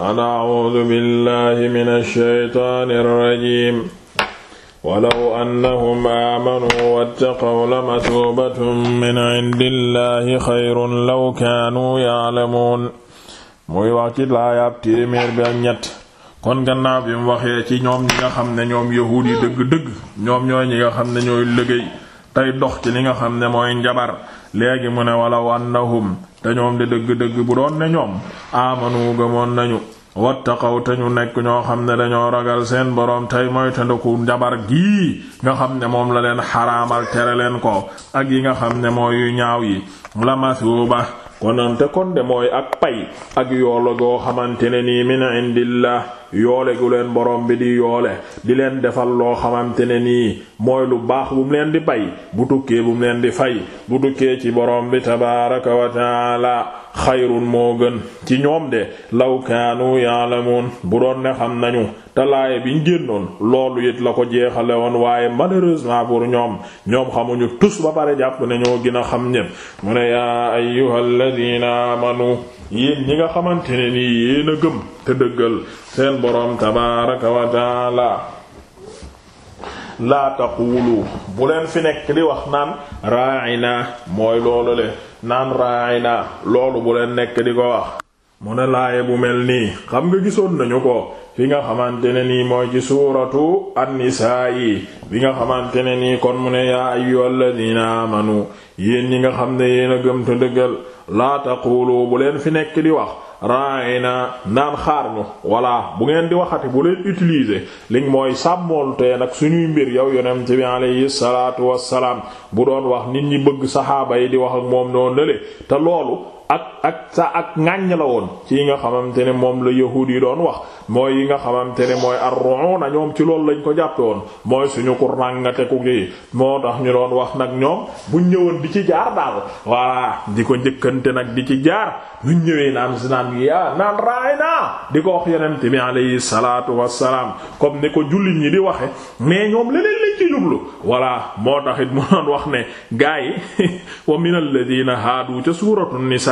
ana a'uudu billahi mina shaytaani rajiim walaw annahum aamanuu wattaqaw lamatuubatun min indillahi xayrun law kaanuu ya'lamuun muy wax ci laayaab téeméer bi ak ñett kon gannaaw bi mu waxee ci ñoom ñi nga xam ne ñoom yahuud yi dëgg-dëgg ñoom ñooy ñi nga xam ne ñooy liggéey tey dox ci li nga xam ne mooy njabar léegi mu ne walaw annahum te ñoom di dëgg-dëgg bu doon ne ñoom aamanu gëmoon nañu wattaqaw te ñu nekk ñoo xam ne dañoo ragal seen boroom tey mooy tandaku njabar gii nga xam ne moom la leen xaraamal tere leen ko ak yi nga xam ne mooy yu ñaaw yi la masuuba konante kon de mooy ak pay ak yoolo goo xamante ne nii min indillah yoole gu leen borom bi di yoole di leen defal loo xamante ne nii mooy lu baax bu mu leen di bay bu tukkee bu leen di fay bu tukkee ci boroom bi tabaaraka wa taala xayrun moo gën ci ñoom de law kaanu yaalamuun bu doon ne xam nañu te bi biñ génnoon loolu it la ko jeexale woon waaye malheureusement pour ñoom ñoom xamuñu tus ba pare jàpp nañoo gin a xam ñépp mu ne yaa ayyuhal ladina amanu yéen ñi nga xamante ne nii yéen a gëm te dëggal seen boroom tabaaraka wa taala laa taqulu fi nekk di wax naan raayina mooy loolu le naan raayina loolu bu leen nekk di ko wax mu ne laaye bu mel nii xam nga gisoon nañu ko fi nga xamante ne nii mooy ci suuratu an yi bi nga xamante ne nii kon mu ne yaa ayyuhal ladina amanu yéen ñi nga xam ne yéen a dëggal laa taqulu bu fi nekk di wax raina naan xaar ñu voilà bu ngeen di waxati bu leen utiliser liñ mooy sàmmooltee nag suñuy mbir yow yonent bi alayhi salaatu wassalaam bu doon wax nit ñi bëgg saxaaba yi di wax ak moom noonu le te loolu ak ak sa ak ŋàññ la woon ci yi nga xamante ne moom la yahuud yi doon wax mooy yi nga xamante ne mooy ar-ru'una ñoom ci lool lañ ko jàppe woon mooy suñu ku ràngate ku gi moo tax ñu doon wax nag ñoom buñ ñëwoon bi ci jaar daal voilà di ko njëkkante nag di ci jaar buñ ñëwee naan si naan ya naan raay naa di ko wax yonent bi alayhi salaatu wassalaam comme ni ko jullit ñi di waxe mais ñoom leneen lañ ci jublu voilà moo tax mu doon wax ne gaa wa min alladhina haadu ca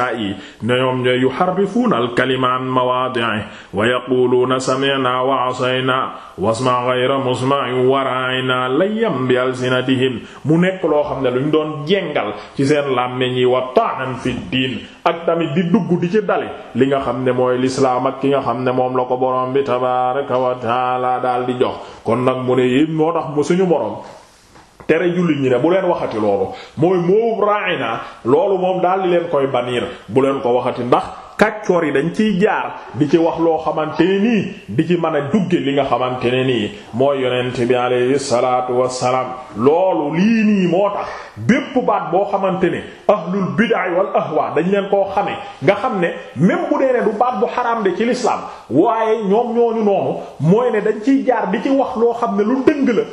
an-nasaa'i ñoom ñooy yuharrifuuna al-kalima an mawaadi'ihi wa yaquluuna sami'naa wa 'asaynaa wasma' ghayra musma'in wa ra'aynaa layyan bi alsinatihim mu nekk loo xam ne luñ doon jengal ci seen làmmiñ yi wa ta'an fi diin ak tamit di dugg di ci dale li nga xam ne mooy lislaam ak ki nga xam ne moom la ko boroom bi tabaaraka wa ta'aala daal di jox kon nag mu ne yéen moo tax suñu boroom tere jullit ñi ne bu leen waxati loolu mooy moobu naa loolu moom daal di leen koy baniir bu leen ko waxati ndax kàccoor yi dañ ciy jaar di ci wax loo xamante ne nii di ci mën a dugge li nga xamante ne nii mooy yonent bi alayhi salaatu wassalaam loolu lii nii moo tax bépp baat boo xamante ne ahlul bid'a wal ahwa dañ leen koo xamee nga xam ne même bu dee ne du baat bu xaram de ci l'islam waaye ñoom ñooñu noonu mooy ne dañ ciy jaar di ci wax loo xam ne lu dëng la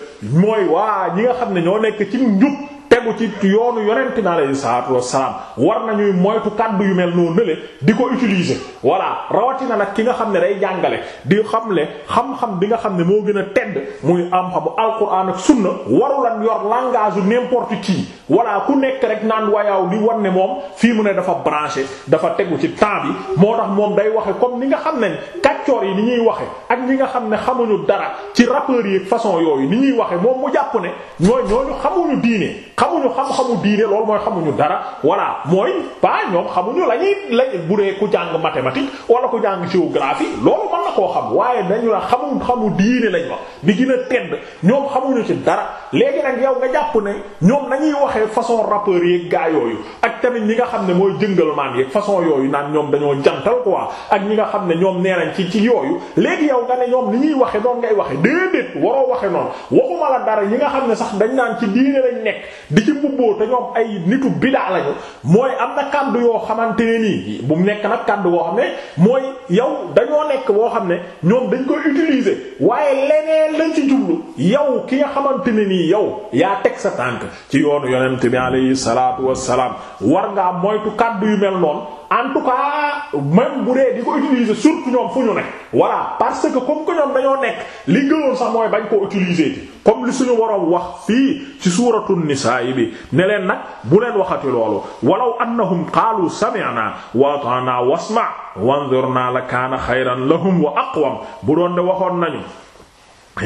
mooy waa ñi nga xam ne ñoo nekk ci njub tegu ci yoonu yonent mi alayhi salaatu wassalaam war nañuy moytu kàddu yu mel noo nële di ko utiliser voilà rawatina nag ki nga xam ne day jàngale di xamle xam-xam bi nga xam ne moo gën a tedd muy am xamu alquran ak sunna warulan yor langage n'importe qui voilà ku nekk rek naan wayaw di wan ne moom fii mu ne dafa branché dafa tegu ci temps bi moo tax moom day waxe comme ni nga xam ne kaccoor yi ni ñuy waxe ak ñi nga xam ne xamuñu dara ci rappeurs yi façon yooyu ni ñuy waxe moom mu jàpp ne ñooy ñooñu xamuñu diine xamuñu xam-xamu diine loolu mooy xamuñu dara voilà mooy ba ñoom xamuñu lañuy lañ bu dee ku jàng mathématique mathématique wala ko jàng géographie loolu mën na koo xam waaye dañu la xamu xamu diine lañ wax bi gën a tedd ñoom xamuñu ci dara léegi nag yow nga jàpp ne ñoom nañuy waxee façon rappeurs yeeg gaa yooyu ak tamit ñi nga xam ne mooy jëngalmaan yeeg façon yooyu naan ñoom dañoo jantal quoi ak ñi nga xam ne ñoom nee nañ ci ci yooyu léegi yow nga ne ñoom ni ñuy waxe noonu ngay waxe déedéet waroo waxe noonu waxuma la dara ñi nga xam ne sax dañ naan ci diine lañ nekk di ci mbubboo te ñoom ay nitu bidaa lañu mooy am na kàddu yoo xamante ne nii bu nekk nag kàddu boo xam ne mooy yow dañoo nekk woo xam ne ñoom dañ koy utilise waaye leneen lañ ci jublu yow ki nga xamante ne nii yow yaa teg sa tànk ci yoonu yonent ni alayhi salaatu wassalaam war ngaa moytu kàddu yu mel noon en tout cas même bu dee di ko utiliser surtout ñoom fu ñu ne voilà parce que comme que ñoom dañoo nekk li gënoon sax mooy bañ koo utiliser ti comme li suñu waroon wax fii ci suuratu nisaa bi ne nag bu leen waxati loolu walaw annahum qaalu sami'na wa ata'na wasma' wanzurna la kaana xayran lahum wa aqwam bu doon de waxoon nañu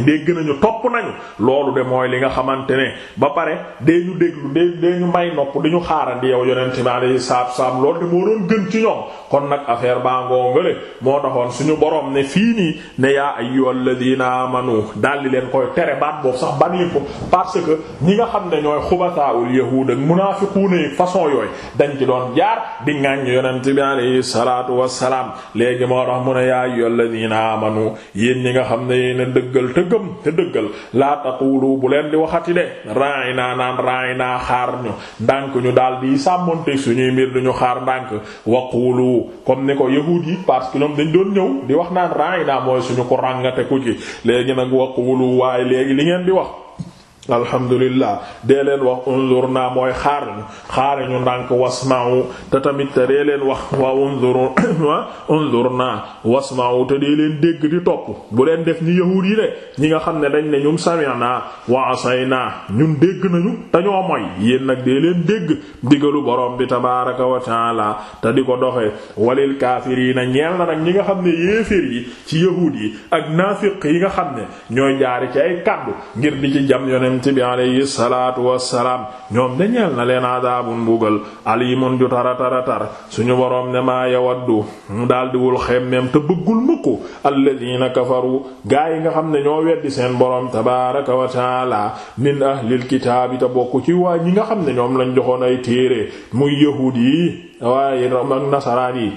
dégg nañu topp topp nañu loolu de mooy li nga xamante ne ba pare dee ñu déglu dee dee ñu may nopp di ñu xaarandi yow yonent bi alayhi salaatu salaam loolu de moo doon gën ci ñoom kon nag affaire baa ngoongale moo taxoon suñu borom ne fii nii ne yaa ayyuhal ladina amanu daldi leen koy tere baat boobu sax banii ko parce que ñi nga xam ne ñooy xubataawul yahuud ak munaafiquuna yi façon yooy dañ ci doon jaar di ŋàññ yonent bi alayhi salaatu wassalaam léegi moo tax mu ne yaa ayyuhal ladina yéen ñi nga xam ne yéen a dëggal te dëggal laa taqulu bu leen di waxati de raay naa naan raay naa xaar ñu ndànk ñu daal di sàmmonte suñuy mbir duñu xaar ndànk waqulu comme ni ko yahuud yi parce que ñoom dañ doon ñëw di wax naan raay naa mooy suñu ko ràngate ku ci léegi nag wulu waaye léegi li ngeen di wax alhamdulillah dee leen wax unzur naa mooy xaar xaar ñu ndànk wasma'u te tamit te dee leen wax wa unzur wa unzur naa wasma'u te dee leen dégg di topp bu leen def ñi yahuud yi de ñi nga xam ne dañ ne ñum sami'na wa asayna ñun dégg nañu te ñoo moy yéen nag dee leen dégg digalu borom bi tabaaraka wa te di ko doxe walil kaafiriina ñeel na nag ñi nga xam ne yéeféer yi ci yahuud yi ak naafiq yi nga xam ne ñooy jaari ci ay kàddu ngir di ci jam yoneen yonent bi alayhi salaatu wassalaam ñoom de ñeel na leen adaabun mbugal alimun ju tara tara tar suñu boroom ne maa yawaddu mu daldi wul xemmeem te bëggul mukku alladina kafaru gaa yi nga xam ne ñoo weddi seen boroom tabaaraka wa taala min ahlil kitaabi te bokk ci waa ñi nga xam ne ñoom lañ joxoon ay téere muy yahuud yi waaye ak nasaraan yi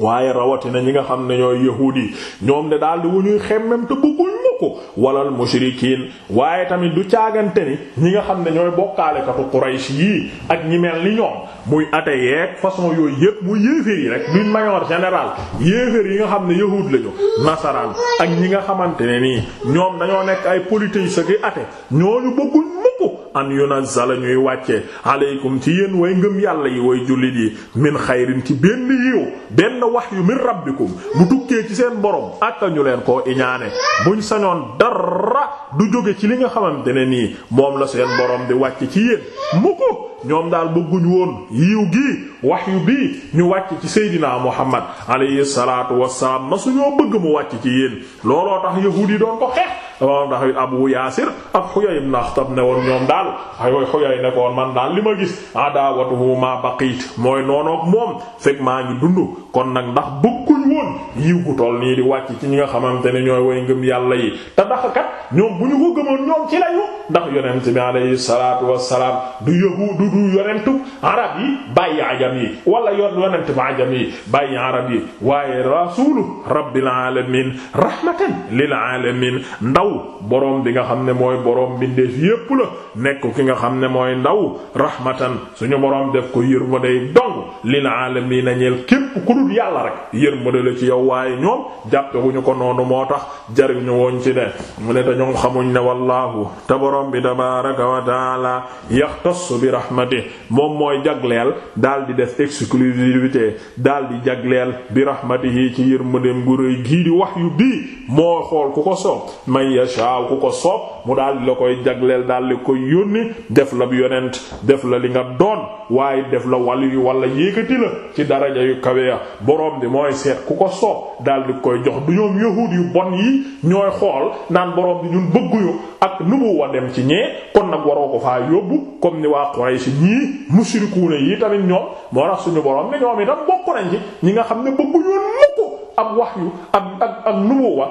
waaye rawatina ñi nga xam ne ñooy yahuud yi ñoom de daldi wu ñuy xemmem te bëggul mukk walal mushrikiin waaye tamit du caagante ni ñi nga xam ne ñooy bokkaalekatu Quraysh yii ak ñi mel ni ñoom muy ate yeeg façon yooyu yëpp muy yéeféer yi rek duñ mayor général yéeféer yi nga xam ne yahuud lañu nasaraan ak ñi nga xamante ne nii ñoom dañoo nekk ay politique sa ki ate ñooñu bëgguñ mukk an yunazzala ñuy wàcce aleykum ci yéen way ngëm yàlla yi way jullit yi min xayrin ci benn yiw benn wax yu min rabbikum bu tukkee ci seen borom ak ñu leen koo iñaane buñ sañoon dara dara du jóge ci li nga xamante ne nii moom la seen borom di wàcc ci yéen mu ko ñoom daal bëgguñ woon yiiw gii wahyu bii ñu wàcc ci seydinaa muhammad alayhi salaatu wassalaam ma suñoo bëgg mu wàcc ci yéen looloo tax yahuud yi doon ko xeex waaw ndax abu yaasir ak xuyay ibn ne woon ñoom daal aywa xuyay ne man daal li ma gis adawatuhu ma baqiit mooy noonoog moom fekk maa ngi dund kon nag ndax bëgguñ woon yiw gu toll nii di wàcc ci ñi nga xamante ne ñooy way yàlla yi ñoom bu ñu ko gëmoon ñoom ci lañu ndax yonent bi alayhi salaatu wassalaam du yëhu du du yonentu arab yi bàyyi ajam yi wala yonent bi ajam yi bàyyi arab yi waaye rasuulu rabbil alamin rahmatan lil alamin ndaw boroom bi nga xam ne mooy boroom bindeef yépp la nekk ki nga xam ne mooy ndaw rahmatan suñu boroom def ko yërmande dong lil alamin ñeel képp ku dul yàlla rek yërmande la ci yow waaye ñoom jàppe ko noonu moo tax jariñu woon ci ñoom xamuñ ne wallaahu te borom bi tabaaraka wa taala yaxtassu bi rahmati moom mooy jagleel daal di def exclusivité daal di jagleel bi rahmatihi ci yërmandeem gu rëy gii di wax yu bii moo xool ku ko soob man yashaaw ku ko soob mu daal di la koy jagleel daal di koy yónni def la bu yonent def la li nga doon waaye def la wàllu yu wala yékkati la ci daraja yu kawe ya borom bi mooy seet ku ko soob dal di koy jox du ñoom yahuud yu bon yi ñooy xool naan borom ñun bëgguñu ak nubuwa dem ci ñee kon nag waroo ko faa yóbbu comme ni waa Quraysh ñii mushrikuuna yi tamit ñoom moo tax suñu borom ne ñoom itam bokk nañ ci ñi nga xam ne bëgguñu mukk ab wahyu ak ak ak nubuwa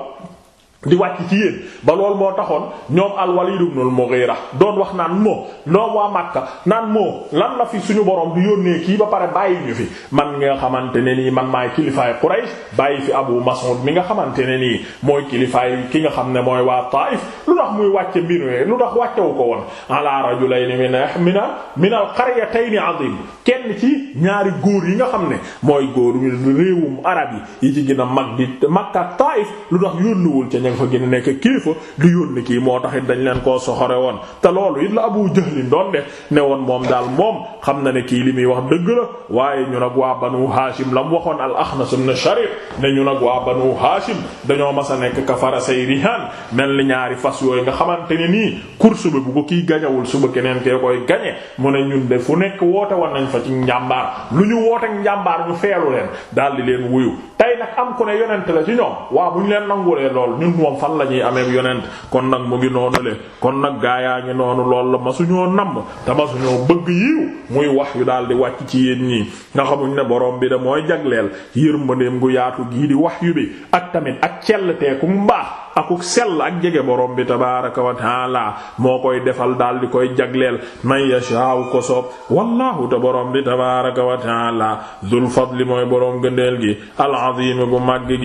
di wàcc ci yéen ba loolu moo taxoon ñoom al-Walid ibn al-Mughira doon wax naan moo loom waa Makka naan moo lan la fi suñu borom di yónnee kii ba pare bàyyi ñu fi man nga xamante ne nii man maay kilifaay Quraysh bàyyi fi Abu Mas'ud mi nga xamante ne nii mooy kilifaay ki nga xam ne mooy waa Taif lu tax muy wàcce mbir lu tax wàccewu ko woon ala rajulayni min min al-qaryatayni azim kenn ci ñaari góor yi nga xam ne mooy góor réewum yi fa gën a nekk kéefa du yónni kii moo taxit dañ leen koo soxore woon te loolu it la Abu Jahl doon de ne woon moom daal moom xam na ne kii li muy wax dëgg la waaye ñu nag waa Banu Hashim la mu waxoon al-Akhnas ibn Sharif ne ñu nag waa Banu Hashim dañoo mas a nekk kafara say rihaan mel ni ñaari fas yooyu nga xamante ne nii course bi bu ko kii gañawul suba keneen kee koy gañe mu ne ñun de fu nekk woote woon nañ fa ci njàmbaar lu ñu woote njàmbaar ñu feelu leen daldi leen wuyu tey nag moom fan la amee yonent kon nag mu ngi noonu le kon nag gaa yaa ngi noonu loolu la ma masuñoo namm te masuñoo bëgg yiw muy wax yu daal di wàcc ci yéen ñi nga xamuñ ne boroom bi da mooy jagleel yërmandeem gu yaatu gii di wax yu bi ak tamit ak cell teeku mbaax akuk sell ak jege boroom bi tabaaraka wa taala moo koy defal daal di koy jagleel man yashaaw ko soob wallaahu te bi tabaaraka wa dul fadli mooy borom gëndeel gi al azim bu màgg